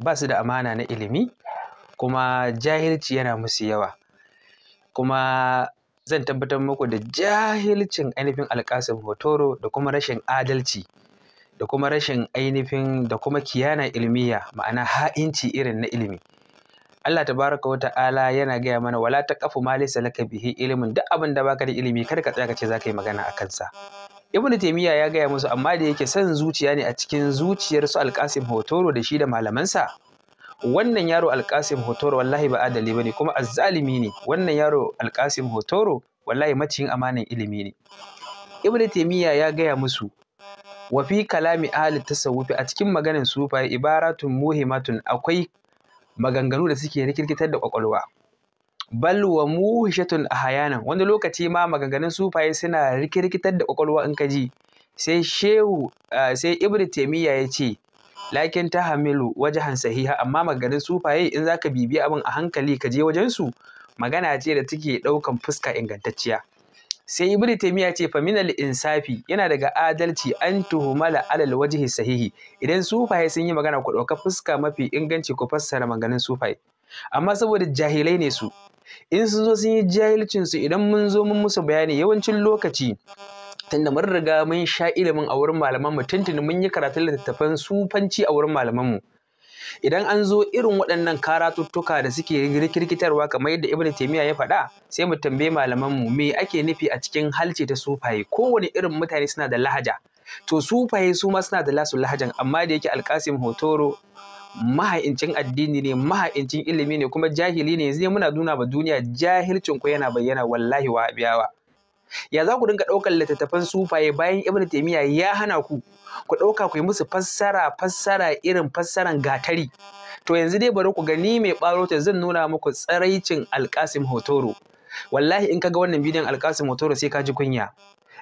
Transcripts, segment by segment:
ba su da amana na ilimi kuma jahilci yana musu yawa kuma zan tabbatar muku da jahilcin ainihin alƙasar hotoro da kuma rashin adalci da kuma rashin ainihin da kuma kiyana ilmiya ma'ana ha'inci irin na ilimi Allah tabaraka wa ta'ala yana gaya mana wala taqafu ma laysa laka bihi ilimin duk abin da baka da ilimi kar ka tsaya ka ce za ka yi magana a kansa ibnu Taimiyya ya gaya musu amma da yake son zuciya ne a cikin zuciyar su alkasim hotoro da shi da malamansa wannan yaro alkasim hotoro wallahi ba adali bane kuma azzalimi ne wannan yaro alkasim hotoro wallahi macin amanan ilimi ne ibnu Taimiyya ya gaya musu wa fi kalami ahli tasawufi a cikin maganar sufaye ibaratun muhimatun akwai maganganu da suke rikirkitar da kwakwalwa bal wa muhishatun Nan, wani lokaci ma maganganun sufaye suna rikirkitar da kwakwalwa in ka ji sai shehu eh, sai ibnu taymiya ya ce lakin ta hamilu wajahan sahiha amma maganganun sufaye in zaka bibi abin a hankali ka je wajen su magana ce da take daukan fuska ingantacciya sai ibnu taymiya ce fa minal insafi yana daga adalci an tuhumala alal wajhi sahihi idan sufaye sun yi magana ku dauka fuska mafi inganci ku fassara maganganun sufaye amma saboda jahilai ne su in sun zo sun yi jahilcinsu idan mun zo mun musu bayani yawancin lokaci tunda mun riga mun sha ilimin a wurin malaman mu tuntuni mun yi karatun littattafan sufanci a wurin malaman mu idan an zo irin waɗannan karatuttuka da suke rikirkitarwa kamar yadda ibnu taymiya ya faɗa sai mu tambayi malaman mu me ake nufi a cikin halce ta sufaye kowane irin mutane suna da lahaja to su suma su ma suna da lasu lahajan amma da yake alkasim hotoro maha'incin addini ne maha'incin ilimi ne kuma jahili ne yanzu muna nuna ba duniya jahilcin ku yana bayyana wallahi wa biyawa ya za ku dinga ɗaukar littattafan sufaye bayan ibnu taymiya ya hana ku ku ɗauka ku yi musu fassara fassara irin fassaran gatari to yanzu dai bari ku gani mai ɓaro ta zan nuna muku tsaraicin alkasim hotoro wallahi in ka ga wannan bidiyon alkasim hotoro sai ka ji kunya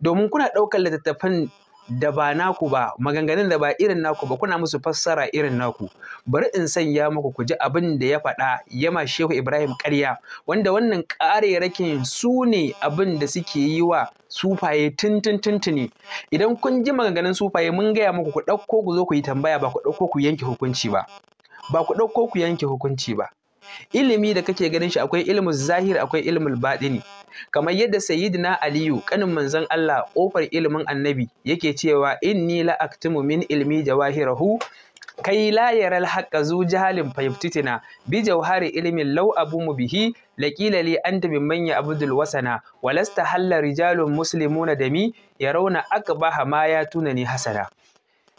domin kuna ɗaukar littattafan da ba naku ba maganganun da ba irin naku ba kuna musu fassara irin naku bari in sanya muku ku ji abin da ya faɗa ya yama shehu ibrahim ƙarya wanda wannan ƙarerakin su ne abin da suke yi wa sufaye tuntun idan kun ji maganganun sufaye mun gaya muku ku ɗauko ku zo ku yi tambaya ba ku ɗauko ku yanke hukunci ba ba ku ɗauko ku yanke hukunci ba ilimi da kake ganin shi akwai ilmul zahir akwai ilmul baɗini kamar yadda sayyidina aliyu kanin manzon Allah kofar ilimin annabi yake cewa inni la aktumu min ilmi jawahirahu kai la yaral haqqa zu jahalin fayftitina bi jawhari ilmin law abu bihi laqila li anta mimman manya abdul wasana walasta halla rijalun muslimuna dami yarawna akbaha ma ya tunani hasana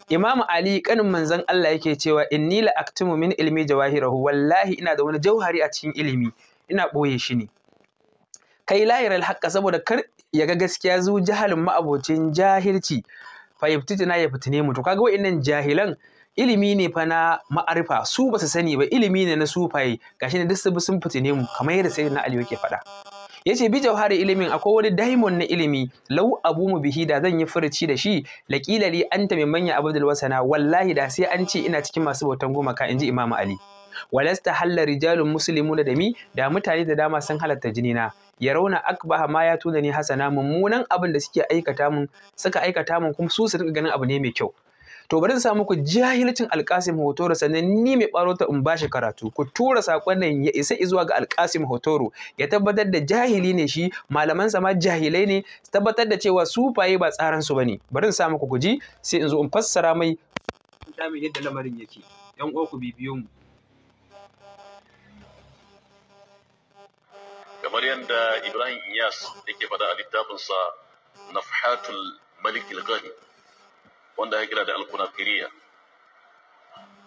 Imam Ali kanin manzon Allah yake cewa inni la aktumu min ilmi jawahirahu wallahi ina da wani jauhari a cikin ilimi ina boye shi ne kai lahirar yaral saboda kar ya ga gaskiya zu jahalin ma'abocin jahilci fa yabtitina ya fitine mu to kaga wa'annan jahilan ilimi ne fa na ma'arifa su ba su sani ba ilimi ne na sufaye gashi ne duk sun fitine mu kamar yadda sayyidina Ali yake faɗa Ya ce, bi jauhari ilimin akwai wani daimon na ilimi lau abu mu bihi da zan yi furuci da shi laqila anta min manya abdul wasana wallahi da sai an ce ina cikin masu bautan gumaka inji imamu ali walasta halla rijalun muslimuna da mi da mutane da dama sun halatta na, ya rauna akba ma ya tuna ni hasana mummunan abin da suke aikata mun suka aikata mun kuma su su ganin abu ne mai kyau to bari in sa muku jahilcin alkasim hotoro sannan ni mai ɓaro ta in bashi karatu ku tura saƙon nan ya isa zuwa ga alkasim hotoro ya tabbatar da jahili ne shi malaman sa ma jahilai ne tabbatar da cewa su faye ba tsaran su bane bari in sa muku guji sai in zo in fassara mai yadda lamarin yake yan uwa ku bibiyo mu kamar yadda Ibrahim Iyas yake faɗa a littafinsa Nafhatul Malik al-Ghani wanda ya kira da al-kunafiriya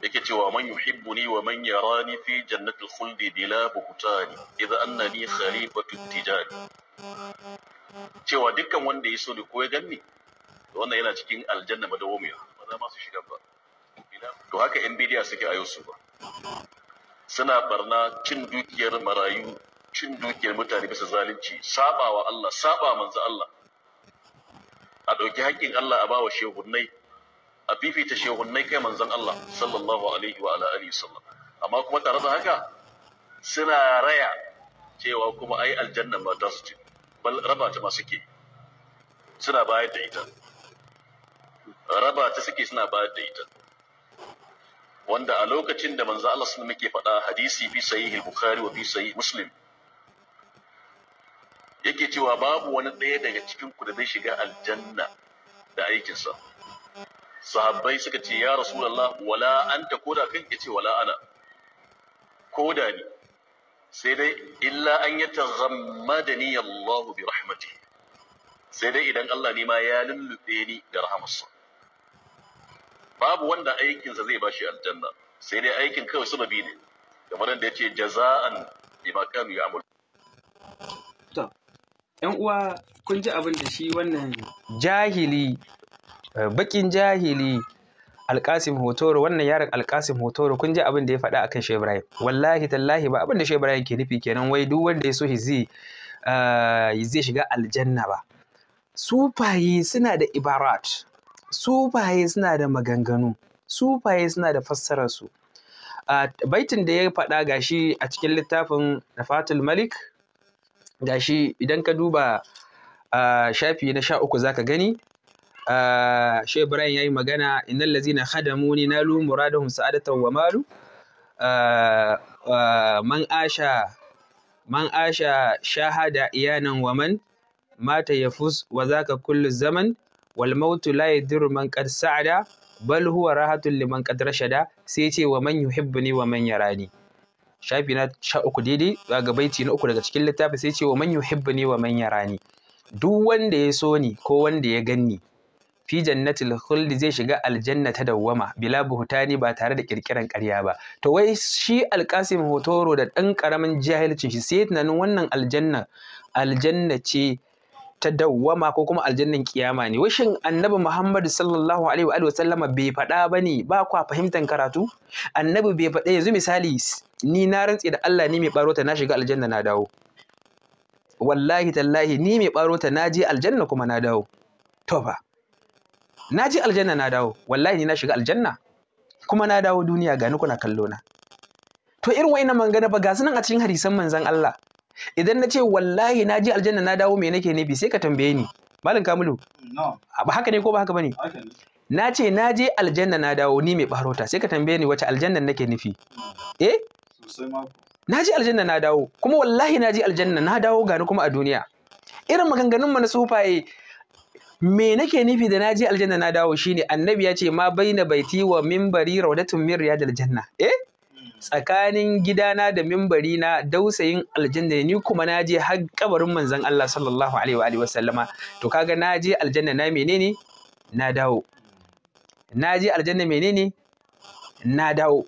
yake cewa man yuhibbuni wa man yarani fi jannatil khuldi bila buhtani idza annani khalifatu tijani cewa dukkan wanda ya so ni ko ya ganni wannan yana cikin aljanna madawamiya ba za ma su shiga ba to haka yan bidiya suke a su ba suna barna cin dukiyar marayu cin dukiyar mutane bisa zalunci saba wa Allah saba manzo Allah a ɗauki haƙƙin Allah a bawa shehunnai a fifita shehunnai kai manzon Allah sallallahu alaihi wa alihi sallam amma kuma tare da haka suna raya cewa kuma ai aljanna ma ta su ce bal raba ta ma suke suna bayar da ita raba ta suke suna bayar da ita wanda a lokacin da manzo Allah sun muke faɗa hadisi bi sahih al-bukhari wa bi sahih muslim yake cewa babu wani ɗaya daga cikin ku da zai shiga aljanna da aikinsa sahabbai suka ce ya rasulullah wala anta koda kai ce wala ana koda ni sai dai illa an yataghammadani Allah bi rahmatihi sai dai idan Allah ne ma ya lullube ni da rahamarsa babu wanda aikinsa zai bashi aljanna sai dai aikin kawai sababi ne kamar da yace jaza'an bima kanu ya'malu to ƴan uwa kun ji abin da shi wannan jahili Eh, bakin jahili alkasim hotoro wannan yaron alkasim hotoro kun ji abin da ya faɗa akan shehu ibrahim wallahi tallahi ba abin da shehu ibrahim ke nufi kenan wai duk wanda ya so shi zai eh, zai shiga aljanna ba sufaye suna da ibarat sufaye suna da maganganu sufaye suna da fassararsu baitin da ya faɗa gashi a cikin littafin fatul malik gashi idan ka duba eh, shafi na sha uku zaka gani Ah, Shai Ibrahim ya yi magana innal lazina khadamuni nalu muradahum sa'adatan wa malu ah, ah, man asha man asha shahada iyanan wa man mata yafus wa zaka kullu zaman wal mautu la yadur man qad sa'ada bal huwa rahatun liman qad rashada sai ce wa man yuhibbuni wa man yarani shafi na sha uku daidai ga baiti na uku daga cikin littafi sai ce wa man yuhibbuni wa man yarani duk wanda ya so ni ko wanda ya ganni fi jannatil khuldi zai shiga aljanna ta dawwama bila buhutani ba tare da kirkiran ƙarya ba to wai shi alkasim hotoro da ɗan ƙaramin jahilcin shi sai tunanin wannan aljanna aljanna ce ta dawwama ko kuma aljannan kiyama ne Wai shin annabi Muhammadu sallallahu alaihi wa sallama bai faɗa ba ne ba kwa fahimtar karatu annabi bai faɗa yanzu misali ni na rantse da Allah ni mai barota na shiga aljanna na dawo wallahi tallahi ni mai barota na je aljanna kuma na dawo to fa na je aljanna na dawo wallahi ni na shiga aljanna kuma na dawo duniya ni kuna kallo na to irin na mangana ba ga sunan a cikin hadisan manzon Allah idan na ce wallahi na je aljanna na dawo me nake bi sai ka tambaye ni malam kamilu ba haka ne ko ba haka bane na ce na je aljanna na dawo ni mai barota sai ka tambaye ni wace aljanna nake nufi eh na je aljanna na dawo kuma wallahi na je aljanna na dawo gani kuma a duniya irin maganganun mu na sufaye me nake nufi da naje aljanna na dawo shine annabi ya ce ma baina baiti wa mimbari raudatun min riyadil janna eh tsakanin gidana da mimbari na dausayin aljanna ni kuma naje har kabarin manzon Allah sallallahu alaihi wa alihi to kaga naje aljanna na menene na dawo naje aljanna menene na dawo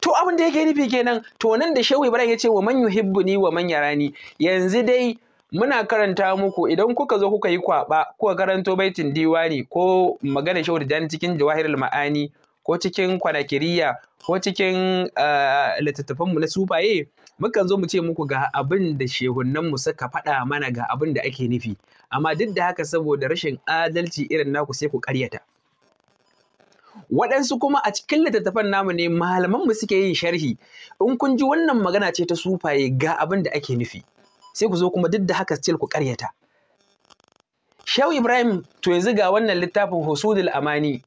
to abin da yake nufi kenan to nan da shehu ibrahim ya ce wa man yuhibbuni wa man yarani yanzu dai muna karanta muku idan kuka zo kuka yi kwaba kuka karanto baitin diwani ko magana shawar da cikin jawahirul ma'ani ko cikin kwanakiriya ko cikin eh, littattafan mu na sufaye mukan zo mu ce muku ga abin da shehunan mu suka faɗa mana ga abin da ake nufi amma duk da haka saboda rashin adalci irin naku sai ku ƙaryata waɗansu kuma a cikin littattafan namu ne malaman mu suke yin sharhi in kun ji wannan magana ce ta sufaye ga abin da ake nufi sai ku zo kuma duk da haka still ku karyata Shehu Ibrahim to yanzu ga wannan littafin Husudul Amani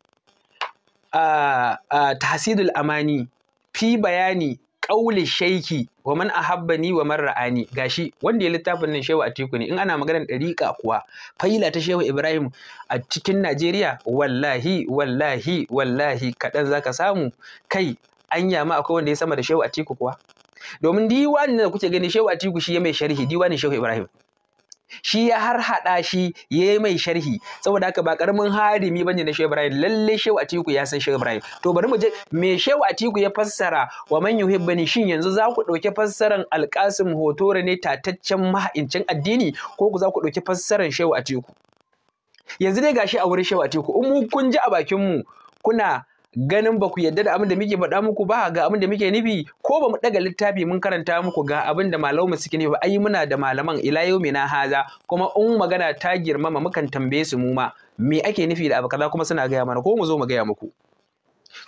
a Tahsidul Amani fi bayani ƙauli shaiki wa man ahabbani wa man ra'ani gashi wanda ya littafin nan shehu atiku ne in ana maganar ɗariƙa kuwa faila ta shehu ibrahim a cikin najeriya wallahi wallahi wallahi kaɗan zaka samu kai anya ma akwai wanda ya sama da shehu atiku kuwa domin diwani da kuke gani shehu atiku shi ya mai sharhi diwani shehu ibrahim shi ya har harhaɗa shi ya yi mai sharhi saboda haka ba karamin harimi bane na shehu ibrahim lalle shehu atiku ya san shehu ibrahim to bari mu je me shehu atiku ya fassara wa man yuhibbani shin yanzu za ku ɗauki fassaran alƙasim hotore ne tataccen maha'incin addini ko ku za ku ɗauki fassaran shehu atiku yanzu dai gashi a wurin shehu atiku in mu kun ji a bakin mu kuna ganin ba ku yadda da abin da muke faɗa muku ba ga abin da muke nufi ko ba mu ɗaga littafi mun karanta muku ga abin da malamu suke nufi ba ai muna da malaman ila yau na haza kuma in magana ta girmama mukan tambaye su mu ma me ake nufi da abu kuma suna gaya mana ko mu zo mu gaya muku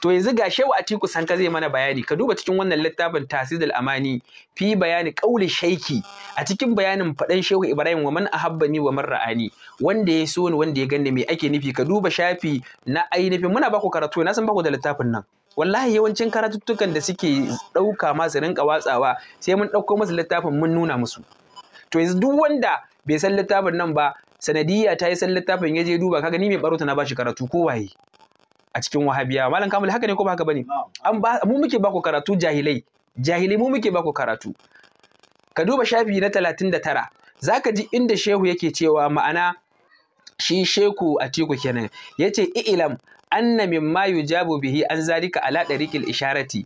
to yanzu ga shehu atiku sanka zai mana bayani ka duba cikin wannan littafin tasizul amani fi bayani qauli shaiki a cikin bayanin faɗan shehu ibrahim wa man ahabbani wa man ra'ani wanda ya so ni wanda ya ganni me ake nufi ka duba shafi na ainihin muna baku karatu na san baku da littafin nan wallahi yawancin karatuttukan da suke ɗauka ma su rinka watsawa sai mun ɗauko musu littafin mun nuna musu to yanzu duk wanda bai san littafin nan ba sanadiyya ta yi san littafin ya je duba kaga ni mai barota na bashi karatu ko waye a cikin wahabiya malam kamul haka ne ko ba haka bane an ba mu muke baku karatu jahilai jahilai mu muke baku karatu ka duba shafi na 39 zaka ji inda shehu yake cewa ma'ana shi sheku atiku kenan yace i'ilam, anna mimma yujabu bihi an zalika ala dariqil isharati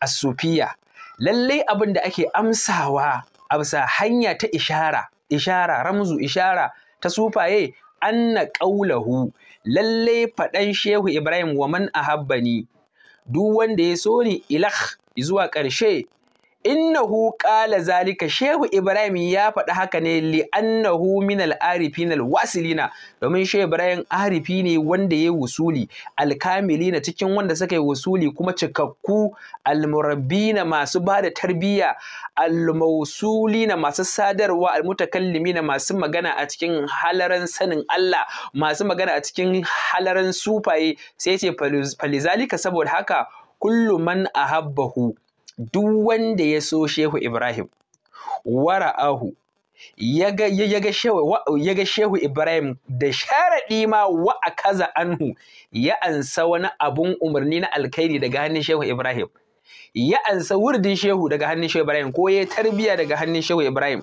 as-sufiyya Lallai abin da ake amsawa a hanya ta ishara ishara ramzu ishara ta sufaye anna qaulahu Lallai faɗan shehu ibrahim wa man ahabbani duk wanda ya so ni ilakh zuwa ƙarshe innahu qala zalika shehu ibrahim ya faɗi haka ne li annahu min al arifin al wasilina domin shehu ibrahim arifi ne wanda yayi wusuli al kamilina cikin wanda suka yi wusuli kuma cikakku al murabbina masu da tarbiyya al mausulina masu sadarwa al mutakallimina masu magana a cikin halaran sanin Allah masu magana a cikin halaran sufaye sai ce falizalika saboda haka kullu man ahabbahu duk wanda ya so shehu ibrahim wara'ahu ya ga shehu ibrahim da sharaɗi ma wa a kaza anhu ya ansa wani abun umarni na alkhairi daga hannun shehu ibrahim ya ansa wurdin shehu daga hannun shehu ibrahim ko ya tarbiya daga hannun shehu ibrahim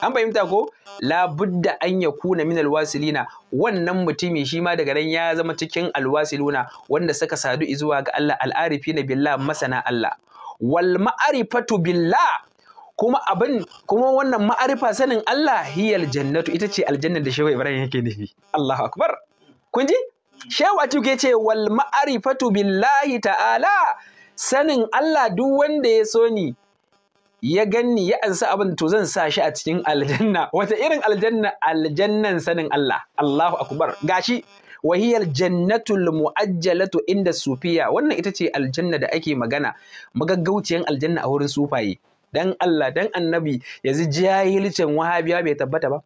an fahimta ko labudda an ya kuna min alwasilina wannan mutumin shi ma daga nan ya zama cikin alwasiluna wanda suka sadu zuwa ga Allah al'arifi na billah masana Allah wal ma'arifatu billah kuma abin kuma wannan ma'arifa sanin Allah hiyal jannatu ita ce aljanna da shehu Ibrahim yake nufi Allahu akbar kun ji shehu Atiku ce wal ma'arifatu billahi ta'ala sanin Allah duk wanda ya so ni ya ganni ya ansa abin to zan sa shi a cikin aljanna wata irin aljanna aljannan sanin Allah Allahu akbar gashi wa hiya aljannatul muajjalatu inda sufiya wannan ita ce aljanna da ake magana magaggauciyan aljanna a wurin sufaye dan Allah dan annabi yanzu jahilcin wahabiya bai tabbata ba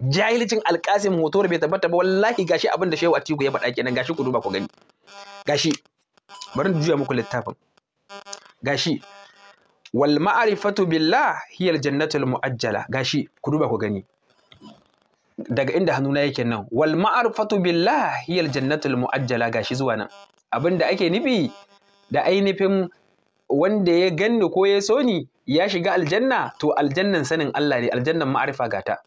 jahilcin alqasim hoto bai tabbata ba wallahi gashi abin da shehu atiku ya faɗa kenan gashi ku duba ku gani gashi bari in juya muku littafin gashi wal ma'rifatu billah hiya aljannatul muajjala gashi ku duba ku gani daga inda hannuna yake nan wal ma'arfatu billah hiya jannatul mu'ajjala gashi zuwa nan Abin da ake nufi da ainihin wanda ya ganni ko ya so ni ya shiga aljanna to aljannan sanin Allah ne aljannan ma'arifa gata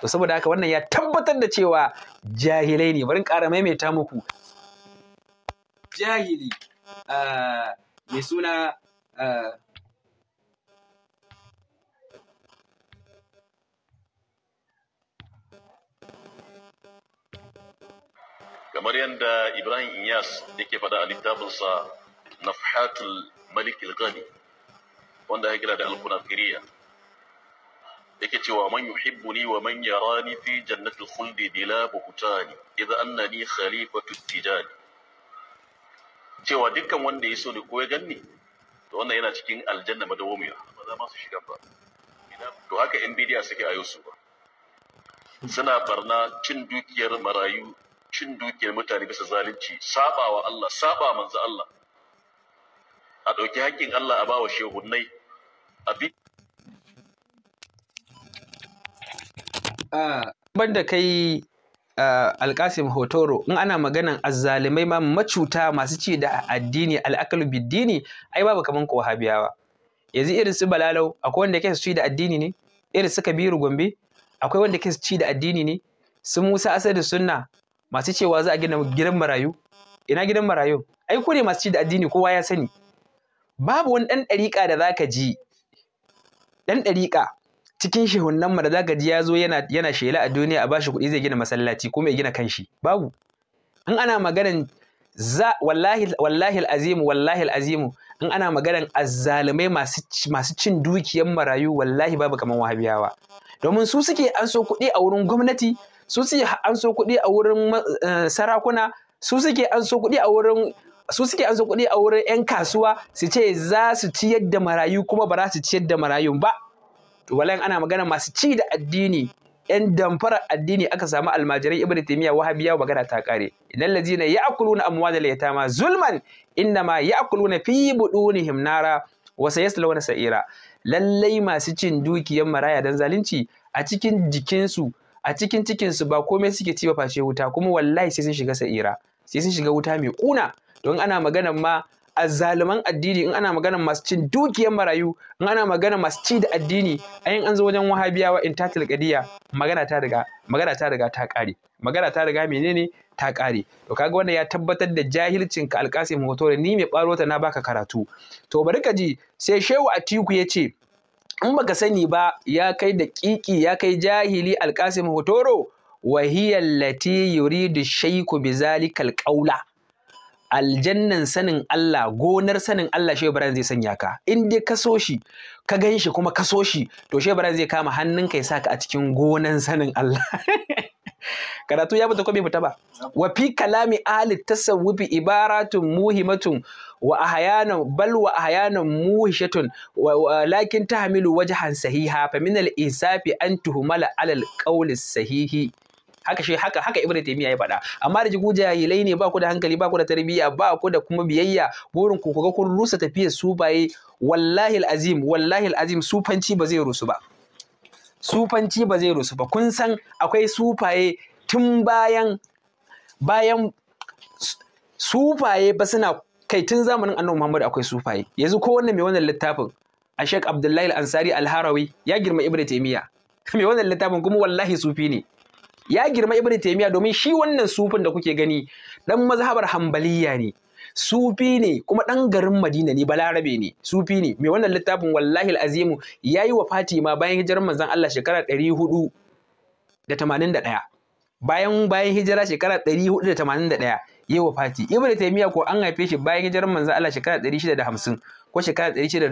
to saboda haka wannan ya tabbatar da cewa jahilai ne bari ƙara maimaita muku jahili ah, mai suna ah, kamar yadda Ibrahim Inyas yake faɗa a littafinsa Nafhatul Malik al wanda ya kira da al-Kunafiriya yake cewa man yuhibbuni wa man yarani fi jannatil khuldi bila buhtani idza annani khalifatu tijani cewa dukkan wanda ya so ni ko ya ganni to wannan yana cikin aljanna madawumiya ba za ma su shiga ba to haka yan bidiya suke ayo su ba suna barna cin dukiyar marayu cin dukiyar mutane bisa zalunci wa Allah saba manzo Allah a ɗauki haƙƙin Allah a bawa shehunnai a bi ban da kai alkasim hotoro in ana maganan azzalimai ma macuta masu ci da addini al'akalu biddini ai babu kaman ko wahabiyawa yanzu irin su balalau akwai wanda ke ci da addini ne irin su kabiru gombe akwai wanda ke ci da addini ne su musa asadu sunna masu cewa za a gina gidan marayu ina gidan marayu ai ku ne masu ci da addini kowa ya sani babu wani ɗan ɗariƙa da za ji ɗan ɗariƙa cikin shehunnan mu da za ka ji ya zo yana yana shela a duniya a bashi kuɗi zai gina masallaci ko mai gina kanshi babu in ana maganan za wallahi wallahi alazimu wallahi azimu in ana maganan azzalumai masu masu cin dukiyan marayu wallahi babu kaman wahabiyawa domin su suke an so kuɗi a wurin gwamnati su suke an so kuɗi a wurin eh, sarakuna su suke an so kuɗi a wurin su suke an so kuɗi a wurin 'yan kasuwa su ce za su ciyar da marayu kuma ba za su ciyar da marayu ba to walan ana magana masu ci da addini 'yan damfarar addini aka samu almajirai ibnu taymiya wahabiya magana ta kare idan ladina ya'kuluna amwalal yatama zulman innama ya'kuluna fi budunihim nara wa sayaslawna sa'ira lallai masu cin dukiyar maraya dan zalunci a cikin jikinsu a cikin cikin su ba komai suke ci ba face wuta kuma wallahi sai sun shiga sa'ira sai sun shiga wuta mai kuna don ana maganan ma azzaluman addini in ana magana masu cin dukiyar marayu in ana maganan masu ci da addini ayin an zo wajen wahabiyawa in ta tilkadiya magana ta riga magana ta riga ta kare magana ta riga menene ta kare to kaga wannan ya tabbatar da jahilcin ka alkasim hotore ni mai barota na baka karatu to bari ka ji sai shehu atiku ya ce in ba ka sani ba ya kai da kiki ya kai jahili alkasim hotoro wahiyar lati da shaiku bi zalikal aljannan sanin Allah gonar sanin Allah shi zai sanya ka in dai ka so shi ka gan shi kuma ka so shi to shi bara zai kama ka ya saka a cikin gonan sanin Allah karatu ya fita ko bai fita ba wa fi kalami ahli tasawwufi ibaratun muhimatun wa ahyanan bal wa ahyanan muhishatun lakin tahmilu wajhan sahiha fa min al isafi an tuhmala ala al qawl sahihi haka shi haka haka ibnu taymiya ya faɗa amma da jigu jahilai ne ba ku da hankali ba ku da tarbiyya ba ku da kuma biyayya burin ku ga kun rusa tafiyar su baye wallahi alazim wallahi alazim sufanci ba zai rusu ba sufanci ba zai rusu ba kun san akwai sufaye tun bayan bayan sufaye ba suna kai tun zamanin annabi Muhammad akwai sufaye yanzu ko wannan mai wannan littafin a Sheikh Abdullahi Al-Ansari Al-Harawi ya girma ibnu taymiya mai wannan littafin kuma wallahi sufi ne ya girma Ibn taymiya domin shi wannan sufin da kuke gani dan mazhabar hanbaliya ne sufi ne kuma ɗan garin Madina ne balarabe ne sufi ne mai wannan littafin wallahi al'azim ya yi wa Fatima bayan hijirar manzon Allah shekara ɗari hudu da tamanin da ɗaya bayan bayan hijira shekara ɗari hudu da tamanin da ɗaya ya yi wa Fati Ibn Taymiyyah ko an haife shi bayan hijirar manzon Allah shekara ɗari shida da hamsin ko shekara ɗari shida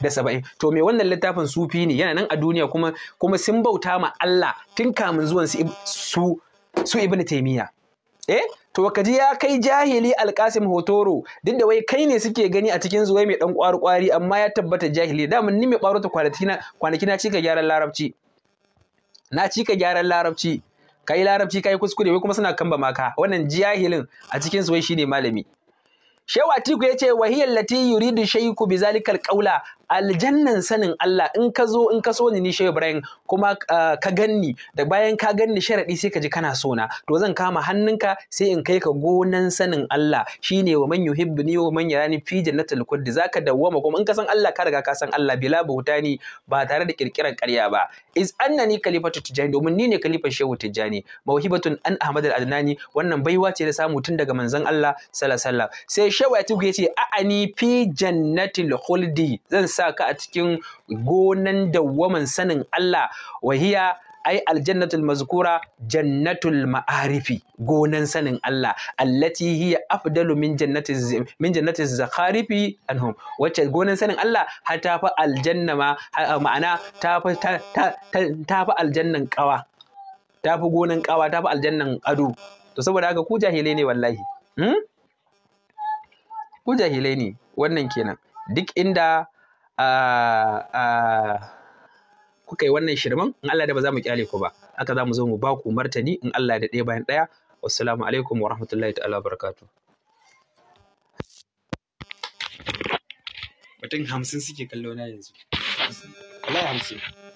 da saba'in to me wannan littafin sufi ne yana nan a duniya kuma kuma sun bauta ma Allah tun kamun zuwan su su ibnu taymiya eh to ji ya kai jahili alkasim hotoro duk da wai kai ne suke gani a cikin zuwai mai dan kwari kwari amma ya tabbata jahili da mun nime baro ta kwanaki na kwanaki na cika gyaran larabci na cika gyaran larabci kai larabci kai kuskure wai kuma suna kamba maka wannan jahilin a cikin zuwai shine malami Shehu Atiku ya ce lati hiya allati yuridu bi bizalikal ƙaula. aljannan sanin Allah in ka zo in ka so ni ni Shehu Ibrahim kuma ah, ka ganni da bayan ka ganni sharadi sai ka ji kana so na to zan kama hannunka sai in kai ka gonan sanin Allah shine wa man yuhibbuni wa man yarani fi jannatil kulli zaka dawwama kuma in ka san Allah ka riga ka san Allah bila buhutani ba tare da kirkiran ƙarya ba Is annani kalifatu tijani domin ni ne kalifar Shehu Tijani mawhibatun an Ahmad al-Adnani wannan baiwa ce da samu tun daga manzon Allah sallallahu alaihi wasallam sai Shehu ya tuke ce a'ani fi jannatil khuldi zan sa ka a cikin gonan dawwaman sanin Allah wahiya ai aljannatul mazkura jannatul ma'arifi gonan sanin Allah allati hiya afdalu min jannati min jannati zakharifi anhum wacce gonan sanin Allah har ta fa aljanna ma ma'ana ta fa ta fa aljannan qawa ta fi gonan qawa ta fi aljannan ado to saboda haka ku jahilai ne wallahi hmm? ku jahilai ne wannan kenan duk inda kuka yi wannan shirman in Allah da ba za mu kyale ku ba haka za mu zo mu ba ku martani in Allah da ɗaya bayan ɗaya wassalamu alaikum wa rahmatullahi ta'ala barakatu mutum hamsin suke kallo na yanzu wallahi hamsin